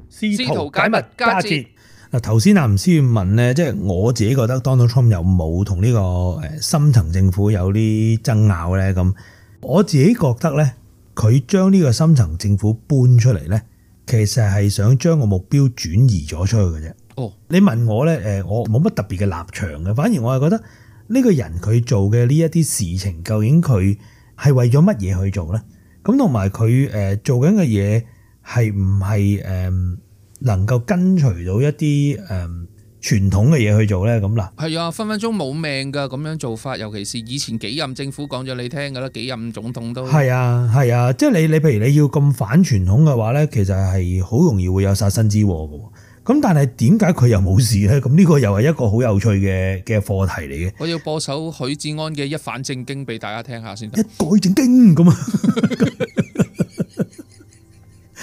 試圖解密加節。嗱，頭先阿吳思遠問咧，即係我自己覺得 Donald Trump 有冇同呢個誒深層政府有啲爭拗咧？咁我自己覺得咧，佢將呢個深層政府搬出嚟咧，其實係想將個目標轉移咗出去嘅啫。哦，你問我咧，誒，我冇乜特別嘅立場嘅，反而我係覺得呢個人佢做嘅呢一啲事情，究竟佢係為咗乜嘢去做咧？咁同埋佢誒做緊嘅嘢係唔係誒能夠跟隨到一啲誒、嗯、傳統嘅嘢去做呢？咁嗱，係啊，分分鐘冇命噶咁樣做法，尤其是以前幾任政府講咗你聽噶啦，幾任總統都係啊，係啊，即係你你譬如你要咁反傳統嘅話呢，其實係好容易會有殺身之禍噶喎。咁但係點解佢又冇事呢？咁呢個又係一個好有趣嘅嘅課題嚟嘅。我要播首許志安嘅《一反正經》俾大家聽下先得。一改正經咁啊！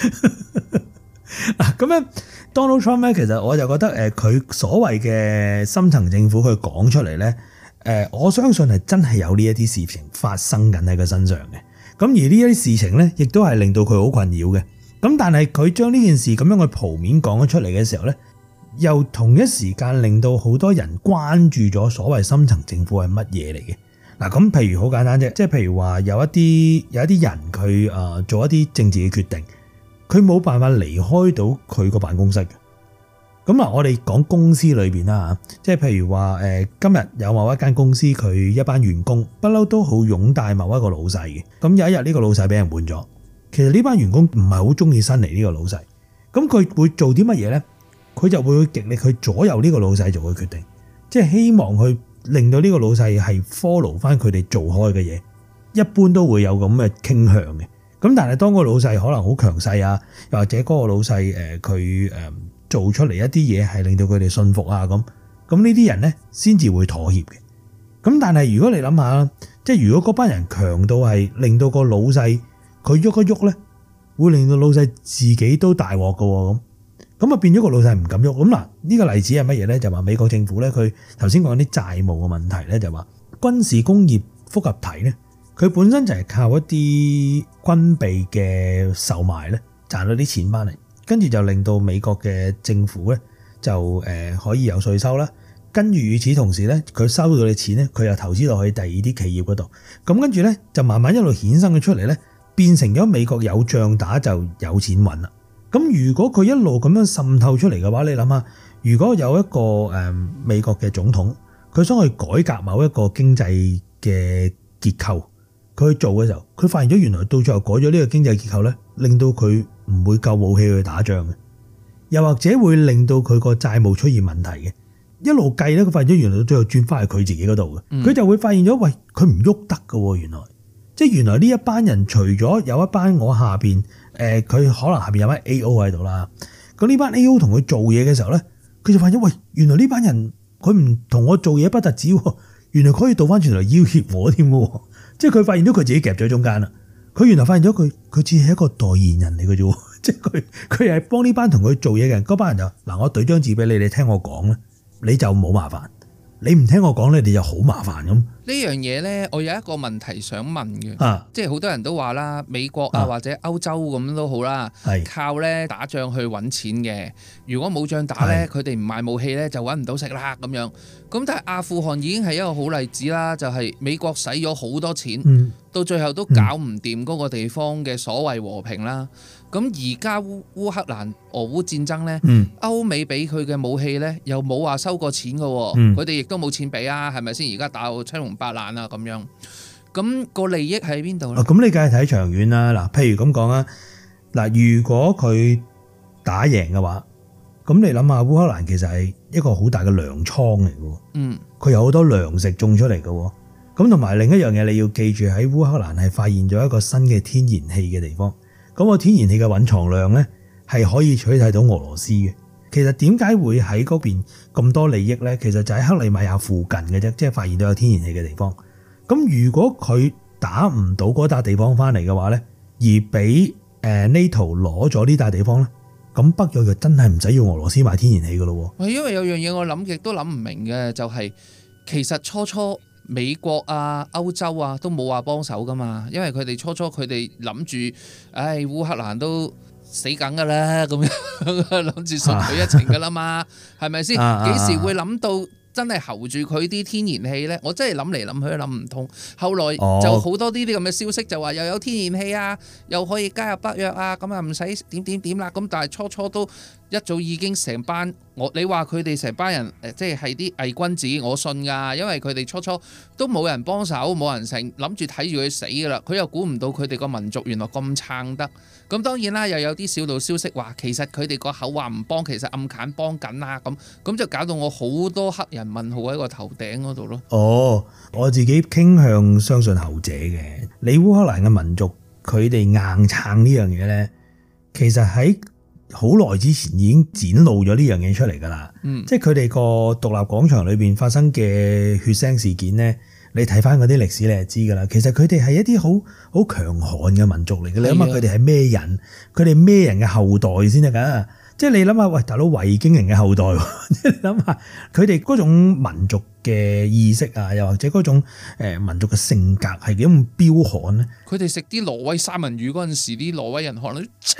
*laughs* *laughs* 嗱咁樣，Donald Trump 咧，其實我就覺得誒，佢所謂嘅深層政府，佢講出嚟咧，誒，我相信係真係有呢一啲事情發生緊喺佢身上嘅。咁而呢一啲事情咧，亦都係令到佢好困擾嘅。咁但係佢將呢件事咁樣去鋪面講咗出嚟嘅時候咧，又同一時間令到好多人關注咗所謂深層政府係乜嘢嚟嘅。嗱，咁譬如好簡單啫，即係譬如話有一啲有一啲人佢誒做一啲政治嘅決定。佢冇辦法離開到佢個辦公室嘅。咁啊，我哋講公司裏邊啦，即係譬如話誒，今日有某一間公司，佢一班員工不嬲都好擁戴某一個老細嘅。咁有一日呢個老細俾人換咗，其實呢班員工唔係好中意新嚟呢個老細。咁佢會做啲乜嘢呢？佢就會極力去左右呢個老細做嘅決定，即係希望去令到呢個老細係 follow 翻佢哋做開嘅嘢。一般都會有咁嘅傾向嘅。咁但係當個老細可能好強勢啊，又或者嗰個老細，誒佢誒做出嚟一啲嘢係令到佢哋信服啊，咁咁呢啲人咧先至會妥協嘅。咁但係如果你諗下，即係如果嗰班人強到係令到個老細佢喐一喐咧，會令到老細自己都大鑊噶，咁咁啊變咗個老細唔敢喐。咁嗱呢個例子係乜嘢咧？就話美國政府咧，佢頭先講啲債務嘅問題咧，就話軍事工業複合體咧。佢本身就係靠一啲軍備嘅售賣咧，賺到啲錢翻嚟，跟住就令到美國嘅政府咧就誒可以有稅收啦。跟住與此同時咧，佢收到嘅錢咧，佢又投資落去第二啲企業嗰度，咁跟住咧就慢慢一路衍生咗出嚟咧，變成咗美國有仗打就有錢揾啦。咁如果佢一路咁樣滲透出嚟嘅話，你諗下，如果有一個誒美國嘅總統，佢想去改革某一個經濟嘅結構。佢去做嘅時候，佢發現咗原來到最後改咗呢個經濟結構咧，令到佢唔會夠武器去打仗嘅，又或者會令到佢個債務出現問題嘅。一路計咧，佢發現咗原來到最後轉翻去佢自己嗰度嘅，佢就會發現咗喂，佢唔喐得噶喎。原來即原來呢一班人除咗有一班我下面，佢、呃、可能下面有班 A.O. 喺度啦。咁呢班 A.O. 同佢做嘢嘅時候咧，佢就發現咗喂，原來呢班人佢唔同我做嘢不達止，原來可以倒翻轉頭要挾我添喎。即係佢發現咗佢自己夾咗中間啦，佢原來發現咗佢佢只係一個代言人嚟嘅啫，即係佢佢係幫呢班同佢做嘢嘅人，嗰班人就嗱，我對張紙俾你，你聽我講啦，你就冇麻煩。你唔聽我講你哋就好麻煩咁。呢樣嘢呢，我有一個問題想問嘅。啊、即係好多人都話啦，美國啊或者歐洲咁都好啦，啊、靠呢打仗去揾錢嘅。如果冇仗打呢，佢哋唔賣武器呢，就揾唔到食啦咁樣。咁但係阿富汗已經係一個好例子啦，就係、是、美國使咗好多錢，嗯、到最後都搞唔掂嗰個地方嘅所謂和平啦。嗯嗯咁而家烏烏克蘭俄烏戰爭咧，嗯、歐美俾佢嘅武器咧，又冇話收過錢嘅喎，佢哋亦都冇錢俾啊，係咪先？而家打到七龍八爛啊，咁樣，咁個利益喺邊度咧？咁你梗係睇長遠啦。嗱，譬如咁講啊，嗱，如果佢打贏嘅話，咁你諗下，烏克蘭其實係一個好大嘅糧倉嚟嘅，嗯，佢有好多糧食種出嚟嘅，咁同埋另一樣嘢，你要記住喺烏克蘭係發現咗一個新嘅天然氣嘅地方。咁個天然氣嘅蘊藏量咧，係可以取代到俄羅斯嘅。其實點解會喺嗰邊咁多利益咧？其實就喺克里米亞附近嘅啫，即係發現到有天然氣嘅地方。咁如果佢打唔到嗰笪地方翻嚟嘅話咧，而俾誒 NATO 攞咗呢笪地方咧，咁北約就真係唔使要俄羅斯買天然氣噶咯。係因為有樣嘢我諗亦都諗唔明嘅，就係、是、其實初初。美國啊、歐洲啊都冇話幫手噶嘛，因為佢哋初初佢哋諗住，唉，烏克蘭都死梗噶啦，咁諗住順佢一程噶啦嘛，係咪先？幾、啊啊啊、時會諗到真係喉住佢啲天然氣呢？我真係諗嚟諗去都諗唔通。後來就好多啲啲咁嘅消息就話又有天然氣啊，又可以加入北約啊，咁啊唔使點點點啦。咁但係初初都。一早已經成班我，你話佢哋成班人誒，即係啲偽君子，我信㗎，因為佢哋初初都冇人幫手，冇人成諗住睇住佢死㗎喇，佢又估唔到佢哋個民族原來咁撐得。咁當然啦，又有啲小道消息話，其實佢哋個口話唔幫，其實暗揀幫緊啦。咁咁就搞到我好多黑人問號喺個頭頂嗰度咯。哦，我自己傾向相信後者嘅，你烏克蘭嘅民族，佢哋硬撐呢樣嘢呢，其實喺。好耐之前已經展露咗呢樣嘢出嚟噶啦，即係佢哋個獨立廣場裏面發生嘅血腥事件咧，你睇翻嗰啲歷史你就知噶啦。其實佢哋係一啲好好強悍嘅民族嚟嘅，是的 你諗下佢哋係咩人？佢哋咩人嘅後代先得㗎？即係你諗下，喂，大佬維京人嘅後代，即係你諗下，佢哋嗰種民族嘅意識啊，又或者嗰種誒民族嘅性格係幾咁彪悍咧？佢哋食啲挪威三文魚嗰陣時，啲挪威人可能切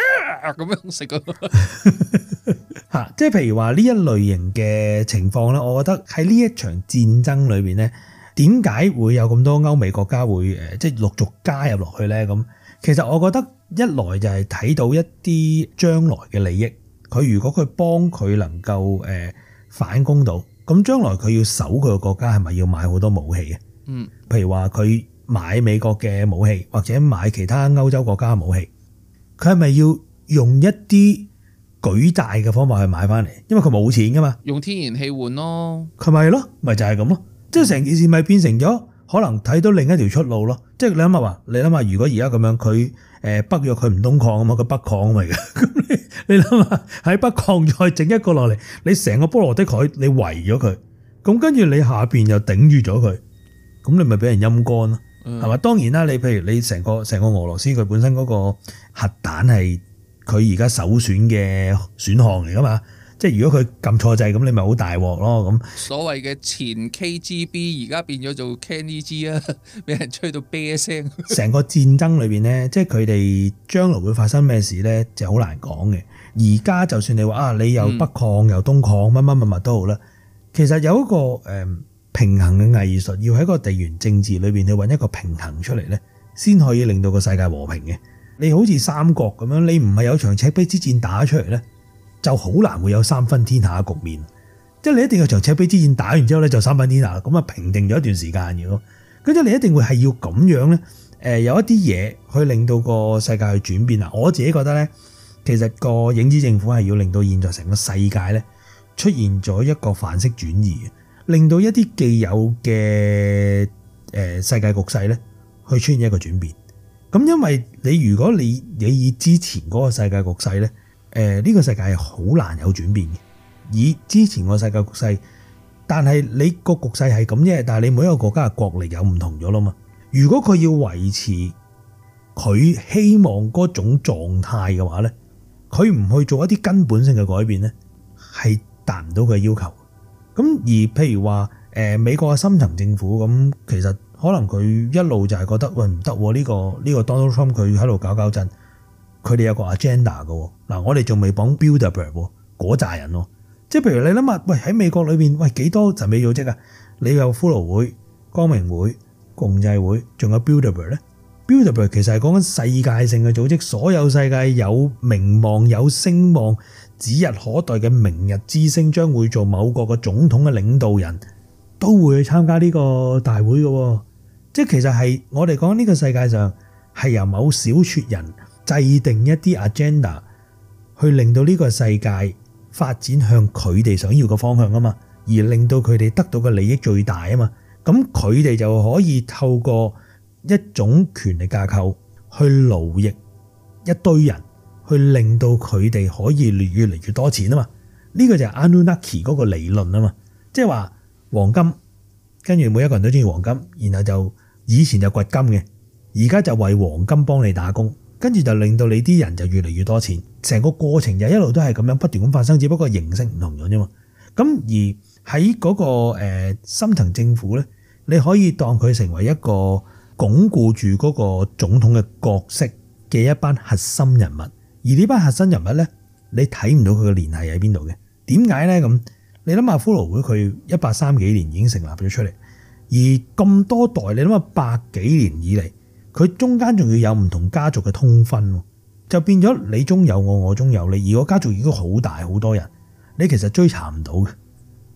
咁樣食啊！嚇， *laughs* 即係譬如話呢一類型嘅情況咧，我覺得喺呢一場戰爭裏邊咧，點解會有咁多歐美國家會誒即係陸續加入落去咧？咁其實我覺得一來就係睇到一啲將來嘅利益。佢如果佢幫佢能夠誒、呃、反攻到，咁將來佢要守佢個國家，係咪要買好多武器？嗯，譬如話佢買美國嘅武器，或者買其他歐洲國家嘅武器，佢係咪要用一啲舉債嘅方法去買翻嚟？因為佢冇錢噶嘛，用天然氣換咯，佢咪咯，咪就係咁咯，即係成件事咪變成咗。可能睇到另一條出路咯，即係你諗下話，你諗下如果而家咁樣，佢誒北約佢唔東擴啊嘛？佢北擴啊嘛，咁你你諗下喺北擴再整一個落嚟，你成個波羅的海你圍咗佢，咁跟住你下面又頂住咗佢，咁你咪俾人陰乾咯，係嘛，嗯？當然啦，你譬如你成個成個俄羅斯佢本身嗰個核彈係佢而家首選嘅選項嚟噶嘛。即係如果佢撳錯掣，咁你咪好大鑊咯咁。所謂嘅前 KGB 而家變咗做 c a n e s 啊，俾人吹到啤聲。成個戰爭裏邊咧，即係佢哋將來會發生咩事咧，就好難講嘅。而家就算你話啊，你又北擴又東擴，乜乜乜乜都好啦，其實有一個、呃、平衡嘅藝術，要喺一個地緣政治裏邊去搵一個平衡出嚟咧，先可以令到個世界和平嘅。你好似三國咁樣，你唔係有場赤壁之戰打出嚟咧？就好難會有三分天下嘅局面，即係你一定要場赤壁之戰打完之後咧，就三分天下。咁啊平定咗一段時間嘅咯，跟住你一定會係要咁樣咧。誒，有一啲嘢去令到個世界去轉變啊！我自己覺得咧，其實個影子政府係要令到現在成個世界咧，出現咗一個範式轉移，令到一啲既有嘅誒世界局勢咧去出現一個轉變。咁因為你如果你你以之前嗰個世界局勢咧。誒，呢個世界係好難有轉變嘅，以之前個世界局勢，但係你個局勢係咁啫。但係你每一個國家嘅國力有唔同咗啦嘛。如果佢要維持佢希望嗰種狀態嘅話咧，佢唔去做一啲根本性嘅改變咧，係達唔到佢嘅要求。咁而譬如話誒，美國嘅深層政府咁，其實可能佢一路就係覺得喂，唔得，呢個呢個 Donald Trump 佢喺度搞搞震，佢哋有個 agenda 嘅。嗱，我哋仲未講 Bilderberg 喎，嗰扎人喎，即係譬如你諗下，喂喺美國裏邊，喂幾多神秘組織啊？你有骷髏會、光明會、共濟會，仲有 Bilderberg 咧？Bilderberg 其實係講緊世界性嘅組織，所有世界有名望、有聲望、指日可待嘅明日之星，將會做某個嘅總統嘅領導人，都會去參加呢個大會嘅。即係其實係我哋講呢個世界上係由某小撮人制定一啲 agenda。去令到呢個世界發展向佢哋想要嘅方向啊嘛，而令到佢哋得到嘅利益最大啊嘛，咁佢哋就可以透過一種權力架構去勞役一堆人，去令到佢哋可以越嚟越多錢啊嘛。呢、呢個就係 Anunnaki 嗰個理論啊嘛，即係話黃金，跟住每一個人都中意黃金，然後就以前就掘金嘅，而家就為黃金幫你打工。跟住就令到你啲人就越嚟越多錢，成個過程又一路都係咁樣不斷咁發生，只不過形式唔同咗啫嘛。咁而喺嗰、那個誒、呃、深層政府咧，你可以當佢成為一個鞏固住嗰個總統嘅角色嘅一班核心人物。而呢班核心人物咧，你睇唔到佢嘅聯繫喺邊度嘅？點解咧？咁你諗下骷髏會佢一八三幾年已經成立咗出嚟，而咁多代你諗下百幾年以嚟。佢中間仲要有唔同家族嘅通婚，就變咗你中有我，我中有你。而個家族已經好大，好多人，你其實追查唔到嘅，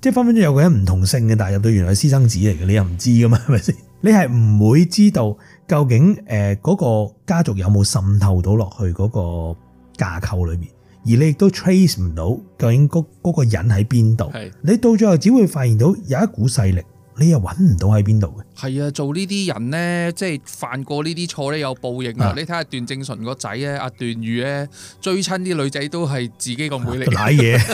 即係分分鐘有個人唔同姓嘅，但係入到原來私生子嚟嘅，你又唔知噶嘛，係咪先？你係唔會知道究竟嗰個家族有冇滲透到落去嗰個架構裏面，而你亦都 trace 唔到究竟嗰個人喺邊度。你到最後，只會發現到有一股勢力。你又揾唔到喺邊度嘅？係啊，做呢啲人咧，即係犯過呢啲錯咧，有報應啊！你睇下段正淳個仔咧，阿段譽咧，追親啲女仔都係自己個妹嚟，瀨嘢、啊，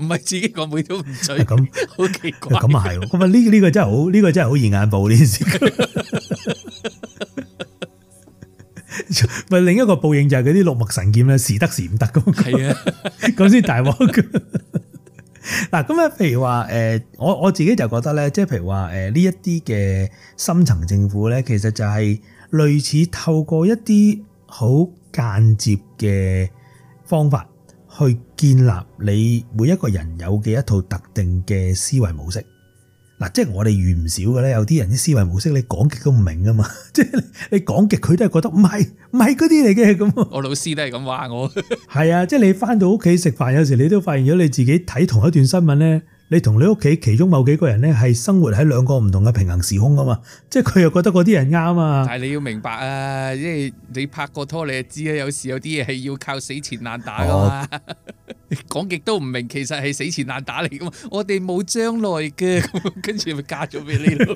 唔係 *laughs* 自己個妹，妹都唔追，咁好、啊、奇怪，咁啊係，咁啊呢呢個真係好，呢、這個真係好現眼報，呢件事。咪 *laughs* *laughs* 另一個報應就係嗰啲六脈神劍咧，時得時唔得噶嘛、那個？係啊，嗰先 *laughs* 大鑊 *laughs* 嗱，咁咧，譬如話誒，我我自己就覺得咧，即係譬如話誒，呢一啲嘅深層政府咧，其實就係類似透過一啲好間接嘅方法去建立你每一個人有嘅一套特定嘅思維模式。嗱，即係我哋遇唔少嘅咧，有啲人啲思維模式你講極都唔明㗎嘛！即係你講極，佢都係覺得唔係唔係嗰啲嚟嘅咁。我老師都係咁話我。係 *laughs* 啊，即係你翻到屋企食飯，有時你都發現咗你自己睇同一段新聞咧。你同你屋企其中某幾個人咧，係生活喺兩個唔同嘅平行時空噶嘛，即係佢又覺得嗰啲人啱啊。但係你要明白啊，即係你拍過拖，你就知啊。有時有啲嘢係要靠死纏爛打噶嘛。講極、哦、都唔明，其實係死纏爛打嚟噶嘛。我哋冇將來嘅，跟住咪嫁咗俾你咯，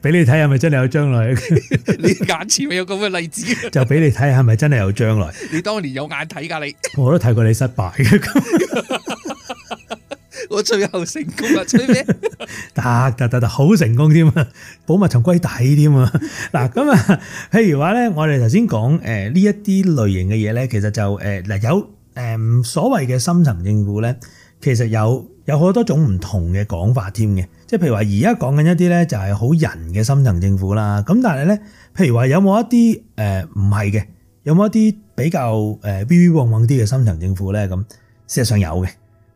俾 *laughs* 你睇係咪真係有將來？ *laughs* 你眼前咪有咁嘅例子？就俾你睇係咪真係有將來？你當年有眼睇噶你？ *laughs* 我都睇過你失敗嘅。 *laughs* 我最後成功啦，吹咩？得得得得，好成功添啊！寶物沉歸底添啊！嗱咁啊，譬 *laughs* 如話咧，我哋頭先講誒呢一啲類型嘅嘢咧，其實就誒嗱有誒所謂嘅深層政府咧，其實有有好多種唔同嘅講法添嘅，即係譬如話而家講緊一啲咧就係好人嘅深層政府啦。咁但係咧，譬如話有冇一啲誒唔係嘅，有冇一啲比較誒微微旺旺啲嘅深層政府咧？咁事實上有嘅。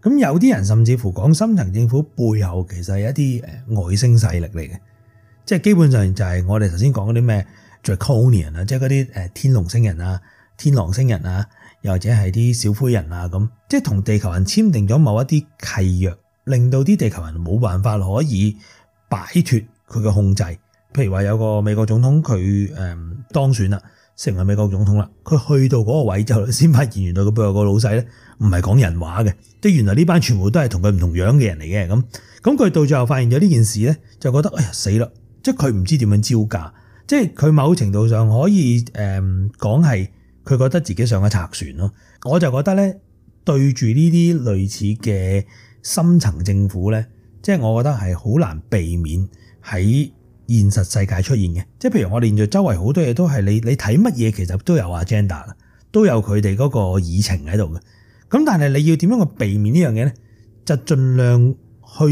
咁有啲人甚至乎講，深層政府背後其實係一啲誒外星勢力嚟嘅，即係基本上就係我哋頭先講嗰啲咩 Draconian 啊，即係嗰啲天龍星人啊、天狼星人啊，又或者係啲小灰人啊咁，即係同地球人簽訂咗某一啲契約，令到啲地球人冇辦法可以擺脱佢嘅控制。譬如話有個美國總統佢誒、嗯、當選啦，成為美國總統啦，佢去到嗰個位之後，先發現原來佢背後個老細咧。唔係講人話嘅，即係原來呢班全部都係同佢唔同樣嘅人嚟嘅咁。咁佢到最後發現咗呢件事呢，就覺得哎呀死啦！即係佢唔知點樣招架，即係佢某程度上可以誒講係佢覺得自己上咗賊船咯。我就覺得呢，對住呢啲類似嘅深層政府呢，即係我覺得係好難避免喺現實世界出現嘅。即係譬如我連住周圍好多嘢都係你你睇乜嘢，其實都有阿 agenda，都有佢哋嗰個議程喺度嘅。咁但係你要點樣去避免呢樣嘢呢？就盡量去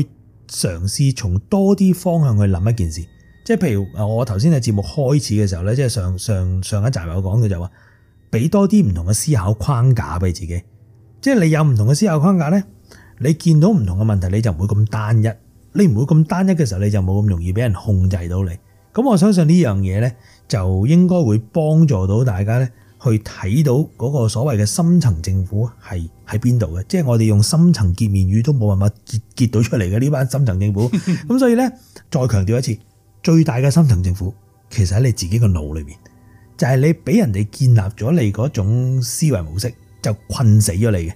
嘗試從多啲方向去諗一件事，即係譬如我頭先喺節目開始嘅時候呢，即係上上上一集我講到就話，俾多啲唔同嘅思考框架俾自己，即係你有唔同嘅思考框架呢，你見到唔同嘅問題你就唔會咁單一，你唔會咁單一嘅時候你就冇咁容易俾人控制到你。咁我相信呢樣嘢呢，就應該會幫助到大家呢。去睇到嗰個所謂嘅深層政府係喺邊度嘅，即係我哋用深層見面語都冇辦法結結到出嚟嘅呢班深層政府。咁 *laughs* 所以咧，再強調一次，最大嘅深層政府其實喺你自己嘅腦裏面，就係、是、你俾人哋建立咗你嗰種思維模式，就困死咗你嘅。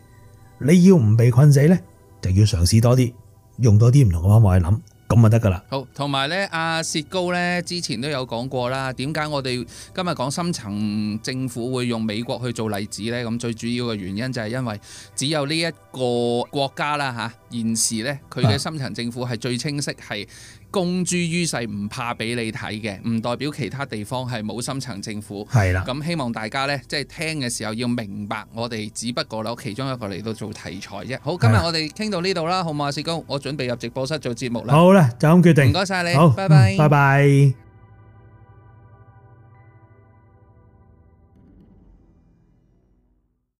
你要唔被困死咧，就要嘗試多啲用多啲唔同嘅方法去諗。咁就得噶啦，好，同埋呢阿、啊、薛高呢之前都有講過啦，點解我哋今日講深層政府會用美國去做例子呢？咁最主要嘅原因就係因為只有呢一個國家啦，吓、啊、現時呢，佢嘅深層政府係最清晰係。公諸於世唔怕俾你睇嘅，唔代表其他地方係冇深層政府。係啦的，咁希望大家呢，即係聽嘅時候要明白，我哋只不過攞其中一個嚟到做題材啫。好，今日我哋傾到呢度啦，好唔好？阿薛高，的我準備入直播室做節目啦。好啦，就咁決定。唔該晒你，好，拜拜，嗯，拜拜，拜拜。